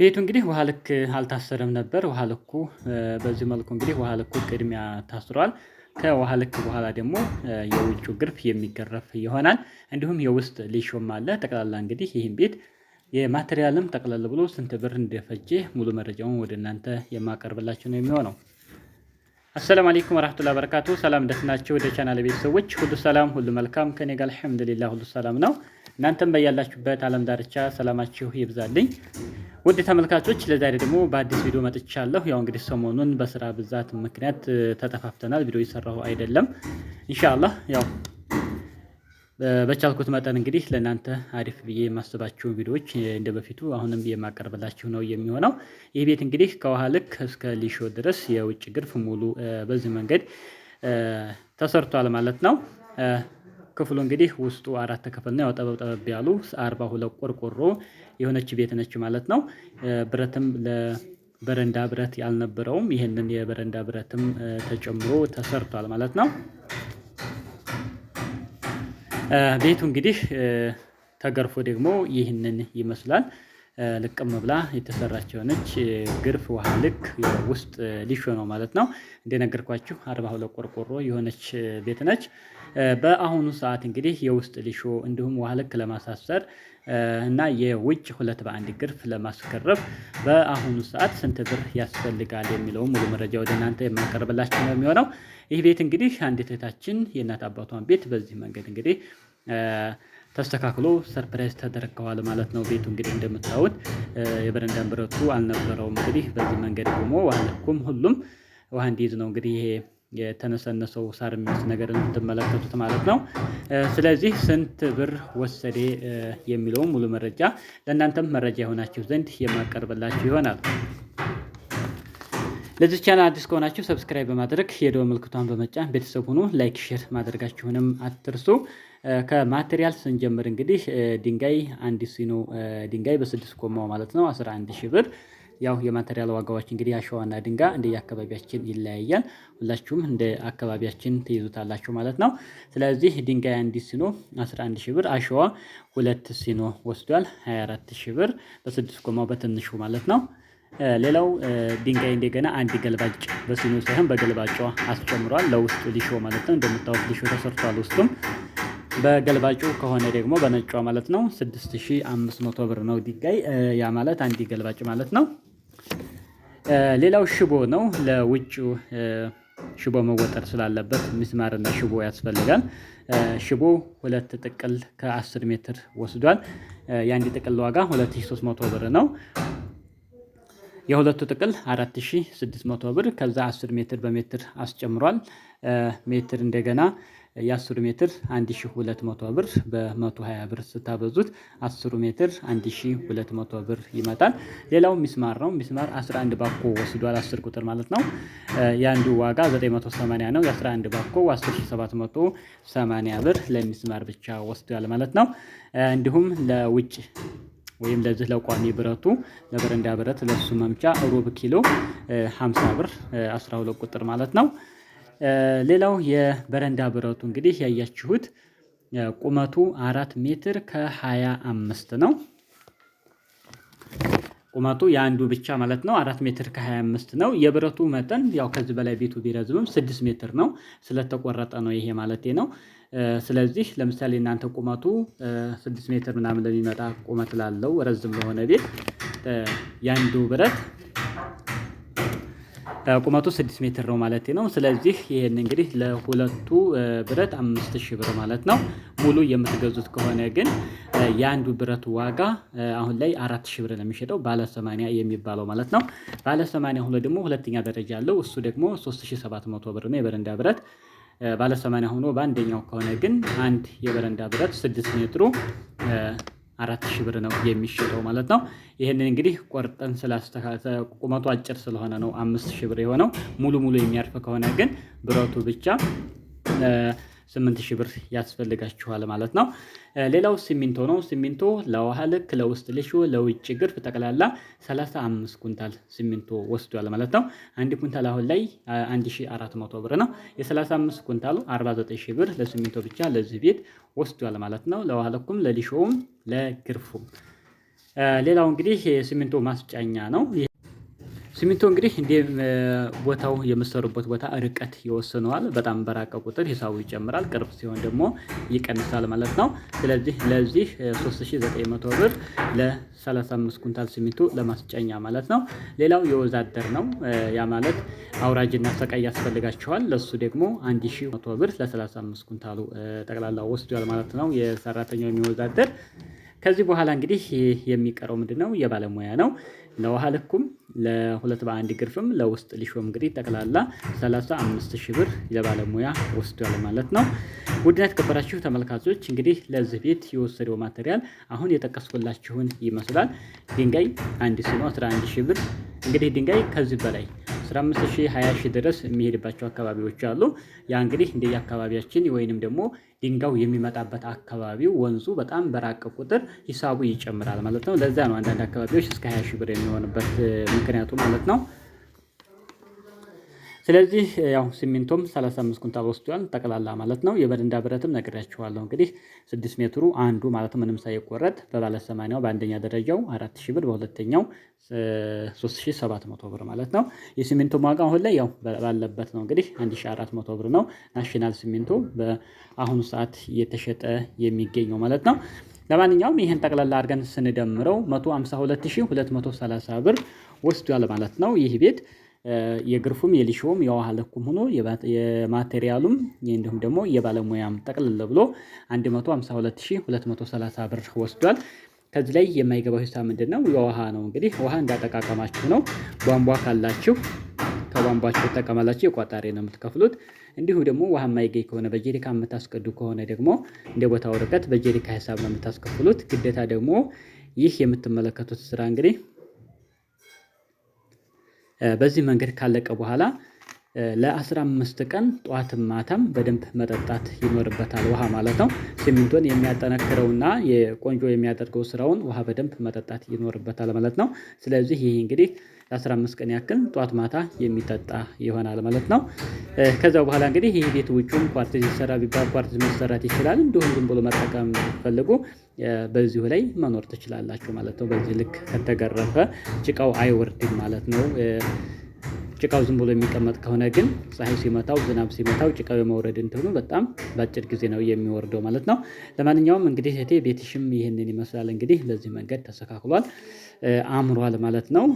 ቤቱ እንግዲህ ውሃ ልክ አልታሰረም ነበር። ውሃ ልኩ በዚህ መልኩ እንግዲህ ውሃ ልኩ ቅድሚያ ታስሯል። ከውሃ ልክ በኋላ ደግሞ የውጭ ግርፍ የሚገረፍ ይሆናል። እንዲሁም የውስጥ ሊሾም አለ። ጠቅላላ እንግዲህ ይህም ቤት የማቴሪያልም ጠቅለል ብሎ ስንት ብር እንደፈጀ ሙሉ መረጃውን ወደ እናንተ የማቀርብላቸው ነው የሚሆነው። አሰላሙ አለይኩም ወራህመቱላሂ በረካቱ። ሰላም ደህና ወደ ቻናል ቤተሰቦች ሁሉ ሰላም፣ ሁሉ መልካም ከኔ ጋር አልሐምዱሊላህ ሁሉ ሰላም ነው። እናንተም በያላችሁበት ዓለም ዳርቻ ሰላማችሁ ይብዛልኝ። ውድ ተመልካቾች ለዛሬ ደግሞ በአዲስ ቪዲዮ መጥቻለሁ። ያው እንግዲህ ሰሞኑን በስራ ብዛት ምክንያት ተጠፋፍተናል፣ ቪዲዮ የሰራሁ አይደለም። እንሻላ ያው በቻልኩት መጠን እንግዲህ ለእናንተ አሪፍ ብዬ የማስባቸው ቪዲዮዎች እንደ በፊቱ አሁንም የማቀርብላችሁ ነው የሚሆነው። ይህ ቤት እንግዲህ ከውሃ ልክ እስከ ሊሾ ድረስ የውጭ ግርፍ ሙሉ በዚህ መንገድ ተሰርቷል ማለት ነው። ክፍሉ እንግዲህ ውስጡ አራት ክፍል ነው። ያው ጠበብ ጠበብ ያሉ አርባ ሁለት ቆርቆሮ የሆነች ቤት ነች ማለት ነው። ብረትም ለበረንዳ ብረት ያልነበረውም ይህንን የበረንዳ ብረትም ተጨምሮ ተሰርቷል ማለት ነው። ቤቱ እንግዲህ ተገርፎ ደግሞ ይህንን ይመስላል። ልቅም ብላ የተሰራች የሆነች ግርፍ ውሃ ልክ ውስጥ ሊሾ ነው ማለት ነው። እንደነገርኳችሁ አርባ ሁለት ቆርቆሮ የሆነች ቤት ነች። በአሁኑ ሰዓት እንግዲህ የውስጥ ሊሾ እንዲሁም ውሃ ልክ ለማሳሰር እና የውጭ ሁለት በአንድ ግርፍ ለማስገረፍ በአሁኑ ሰዓት ስንት ብር ያስፈልጋል የሚለው ሙሉ መረጃ ወደ እናንተ የማቀርብላችሁ ነው የሚሆነው። ይህ ቤት እንግዲህ አንዲት እህታችን የእናት አባቷን ቤት በዚህ መንገድ እንግዲህ ተስተካክሎ ሰርፕራይዝ ተደረገዋል ማለት ነው። ቤቱ እንግዲህ እንደምታዩት የበረንዳን ብረቱ አልነበረውም። እንግዲህ በዚህ መንገድ ቆሞ ዋለኩም ሁሉም ውሃ እንዲይዝ ነው እንግዲህ ይሄ የተነሰነሰው ሳር የሚመስል ነገር የምትመለከቱት ማለት ነው። ስለዚህ ስንት ብር ወሰዴ የሚለውን ሙሉ መረጃ ለእናንተም መረጃ የሆናችሁ ዘንድ የማቀርብላችሁ ይሆናል። ለዚህ ቻናል አዲስ ከሆናችሁ ሰብስክራይብ በማድረግ የደወል ምልክቷን በመጫን ቤተሰብ ሁኑ። ላይክ፣ ሼር ማድረጋችሁንም አትርሱ። ከማቴሪያል ስንጀምር እንግዲህ ድንጋይ አንድ ሲኖ ድንጋይ በስድስት ጎማው ማለት ነው 11 ሺህ ብር ያው የማቴሪያል ዋጋዎች እንግዲህ አሸዋና ድንጋይ እንደ የአካባቢያችን ይለያያል። ሁላችሁም እንደ አካባቢያችን ትይዙታላችሁ ማለት ነው። ስለዚህ ድንጋይ አንድ ሲኖ 11 ሺህ ብር፣ አሸዋ ሁለት ሲኖ ወስዷል 24 ሺህ ብር በስድስት ጎማው በትንሹ ማለት ነው። ሌላው ድንጋይ እንደገና አንድ ገልባጭ በሲኒ ሳይሆን በገልባጫ አስጨምሯል። ለውስጡ ሊሾ ማለት ነው። እንደምታወቅ ሊሾ ተሰርቷል። ውስጡም በገልባጩ ከሆነ ደግሞ በነጯ ማለት ነው 6500 ብር ነው ድንጋይ። ያ ማለት አንድ ገልባጭ ማለት ነው። ሌላው ሽቦ ነው። ለውጭ ሽቦ መወጠር ስላለበት ሚስማርና ሽቦ ያስፈልጋል። ሽቦ ሁለት ጥቅል ከ10 ሜትር ወስዷል። የአንድ ጥቅል ዋጋ 2300 ብር ነው። የሁለቱ ጥቅል 4600 ብር ከዛ 10 ሜትር በሜትር አስጨምሯል። ሜትር እንደገና የ10 ሜትር 1200 ብር በ120 ብር ስታበዙት 10 ሜትር 1200 ብር ይመጣል። ሌላው ሚስማር ነው። ሚስማር 11 ባኮ ወስዷል። 10 ቁጥር ማለት ነው። የአንዱ ዋጋ 980 ነው። የ11 ባኮ 10780 ብር ለሚስማር ብቻ ወስዷል ማለት ነው። እንዲሁም ለውጭ ወይም ለዚህ ለቋሚ ብረቱ ለበረንዳ ብረት ለሱ መምቻ ሩብ ኪሎ 50 ብር 12 ቁጥር ማለት ነው። ሌላው የበረንዳ ብረቱ እንግዲህ ያያችሁት ቁመቱ አራት ሜትር ከ25 ነው። ቁመቱ የአንዱ ብቻ ማለት ነው አራት ሜትር ከ25 ነው። የብረቱ መጠን ያው ከዚህ በላይ ቤቱ ቢረዝምም ስድስት ሜትር ነው። ስለተቆረጠ ነው ይሄ ማለት ነው። ስለዚህ ለምሳሌ እናንተ ቁመቱ ስድስት ሜትር ምናምን ለሚመጣ ቁመት ላለው ረዝም ለሆነ ቤት የአንዱ ብረት ቁመቱ ስድስት ሜትር ነው ማለት ነው። ስለዚህ ይህን እንግዲህ ለሁለቱ ብረት አምስት ሺህ ብር ማለት ነው። ሙሉ የምትገዙት ከሆነ ግን የአንዱ ብረት ዋጋ አሁን ላይ አራት ሺህ ብር ነው የሚሸጠው ባለ ሰማንያ የሚባለው ማለት ነው። ባለ ሰማንያ ሁሎ ደግሞ ሁለተኛ ደረጃ አለው። እሱ ደግሞ ሶስት ሺህ ሰባት መቶ ብር ነው የበረንዳ ብረት ባለ 80 ሆኖ በአንደኛው ከሆነ ግን አንድ የበረንዳ ብረት 6 ሜትሩ 4000 ብር ነው የሚሸጠው ማለት ነው። ይህንን እንግዲህ ቆርጠን ስላስተካከለ ቁመቱ አጭር ስለሆነ ነው 5000 ብር የሆነው። ሙሉ ሙሉ የሚያርፍ ከሆነ ግን ብረቱ ብቻ ስምንት ሺህ ብር ያስፈልጋችኋል ማለት ነው። ሌላው ሲሚንቶ ነው። ሲሚንቶ ለውሃ ልክ፣ ለውስጥ ሊሾ፣ ለውጭ ግርፍ ጠቅላላ 35 ኩንታል ሲሚንቶ ወስዷል ማለት ነው። አንድ ኩንታል አሁን ላይ 1400 ብር ነው። የ35 ኩንታሉ 49 ሺህ ብር ለሲሚንቶ ብቻ ለዚህ ቤት ወስዷል ማለት ነው። ለውሃ ልኩም፣ ለሊሾውም፣ ለግርፉም ሌላው እንግዲህ የሲሚንቶ ማስጫኛ ነው። ሲሚንቶ እንግዲህ እንደ ቦታው የምሰሩበት ቦታ ርቀት ይወስነዋል። በጣም በራቀ ቁጥር ሂሳቡ ይጨምራል፣ ቅርብ ሲሆን ደግሞ ይቀንሳል ማለት ነው። ስለዚህ ለዚህ 3900 ብር ለ35 ኩንታል ሲሚንቶ ለማስጨኛ ማለት ነው። ሌላው የወዛደር ነው። ያ ማለት አውራጅና ሰቃይ ያስፈልጋቸዋል። ለሱ ደግሞ 1100 ብር ለ35 ኩንታሉ ጠቅላላ ወስዷል ማለት ነው። የሰራተኛው የሚወዛደር ከዚህ በኋላ እንግዲህ የሚቀረው ምንድን ነው? የባለሙያ ነው። ለውሃ ልኩም፣ ለሁለት በአንድ ግርፍም፣ ለውስጥ ሊሾም እንግዲህ ጠቅላላ 35 ሺህ ብር ለባለሙያ ወስዷል ማለት ነው። ውድና የተከበራችሁ ተመልካቾች እንግዲህ ለዚህ ቤት የወሰደው ማቴሪያል አሁን የጠቀስኩላችሁን ይመስላል። ድንጋይ አንድ ሲኖ 11 ሺህ ብር እንግዲህ ድንጋይ ከዚህ በላይ 15 ድረስ የሚሄድባቸው አካባቢዎች አሉ። ያ እንግዲህ እንደ አካባቢያችን ወይንም ደግሞ ድንጋው የሚመጣበት አካባቢው ወንዙ በጣም በራቀ ቁጥር ሂሳቡ ይጨምራል ማለት ነው። ለዛ ነው አንዳንድ አካባቢዎች እስከ 20 ሺህ ብር የሚሆንበት ምክንያቱ ማለት ነው። ስለዚህ ያው ሲሚንቶም 35 ኩንታል ወስዷል ጠቅላላ ማለት ነው። የበረንዳ ብረትም ነግሬያችኋለሁ እንግዲህ 6 ሜትሩ አንዱ ማለት ምንም ሳይቆረጥ በባለ ሰማንያው በአንደኛ ደረጃው 4000 ብር በሁለተኛው 3700 ብር ማለት ነው። የሲሚንቶም ዋጋ አሁን ላይ ያው ባለበት ነው እንግዲህ 1400 ብር ነው። ናሽናል ሲሚንቶ በአሁኑ ሰዓት እየተሸጠ የሚገኘው ማለት ነው። ለማንኛውም ይህን ጠቅላላ አድርገን ስንደምረው 152230 ብር ወስዷል ማለት ነው ይህ ቤት የግርፉም የሊሾም የውሃ ልኩም ሆኖ የማቴሪያሉም እንዲሁም ደግሞ የባለሙያም ጠቅልል ብሎ 152230 ብር ወስዷል። ከዚህ ላይ የማይገባው ሂሳብ ምንድን ነው? የውሃ ነው እንግዲህ ውሃ እንዳጠቃቀማችሁ ነው። ቧንቧ ካላችሁ ከቧንቧችሁ ትጠቀማላችሁ። የቋጣሪ ነው የምትከፍሉት። እንዲሁም ደግሞ ውሃ የማይገኝ ከሆነ በጀሪካ የምታስቀዱ ከሆነ ደግሞ እንደ ቦታው ርቀት በጀሪካ ሂሳብ ነው የምታስከፍሉት። ግዴታ ደግሞ ይህ የምትመለከቱት ስራ እንግዲህ በዚህ መንገድ ካለቀ በኋላ ለ አምስት ቀን ጠዋትም ማታም በደንብ መጠጣት ይኖርበታል፣ ውሃ ማለት ነው። ሲሚንቶን የሚያጠነክረውና የቆንጆ የሚያደርገው ስራውን ውሃ በደንብ መጠጣት ይኖርበታል ማለት ነው። ስለዚህ ይህ እንግዲህ ለ15 ቀን ያክል ጧት ማታ የሚጠጣ ይሆናል ማለት ነው። ከዚያው በኋላ እንግዲህ ይህ ቤት ውጩም ኳርትዝ ይሰራ ቢባል ኳርትዝ መሰራት ይችላል። እንዲሁም ዝም ብሎ መጠቀም ፈልጉ በዚሁ ላይ መኖር ትችላላችሁ ማለት ነው። በዚህ ልክ ከተገረፈ ጭቃው አይወርድም ማለት ነው። ጭቃው ዝም ብሎ የሚቀመጥ ከሆነ ግን ፀሐይ ሲመታው ዝናብ ሲመታው ጭቃው የመውረድ እንትኑ በጣም በአጭር ጊዜ ነው የሚወርደው ማለት ነው። ለማንኛውም እንግዲህ እህቴ ቤትሽም ይህንን ይመስላል እንግዲህ በዚህ መንገድ ተስተካክሏል አምሯል ማለት ነው።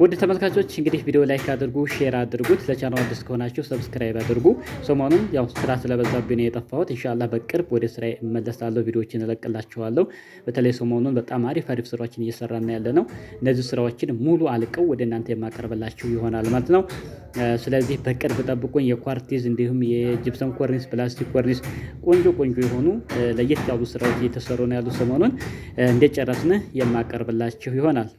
ውድ ተመልካቾች እንግዲህ ቪዲዮ ላይክ አድርጉ፣ ሼር አድርጉት። ለቻናል አዲስ ከሆናችሁ ሰብስክራይብ አድርጉ። ሰሞኑን ያው ስራ ስለበዛብኝ ነው የጠፋሁት። ኢንሻላህ በቅርብ ወደ ስራ እመለሳለሁ፣ ቪዲዮዎችን እለቅላችኋለሁ። በተለይ ሰሞኑን በጣም አሪፍ አሪፍ ስራዎችን እየሰራን ያለ ነው። እነዚህ ስራዎችን ሙሉ አልቀው ወደ እናንተ የማቀርብላችሁ ይሆናል ማለት ነው። ስለዚህ በቅርብ ጠብቁኝ። የኳርቲዝ እንዲሁም የጅብሰን ኮርኒስ፣ ፕላስቲክ ኮርኒስ ቆንጆ ቆንጆ የሆኑ ለየት ያሉ ስራዎች እየተሰሩ ነው ያሉ ሰሞኑን እንደጨረስን የማቀርብላችሁ ይሆናል።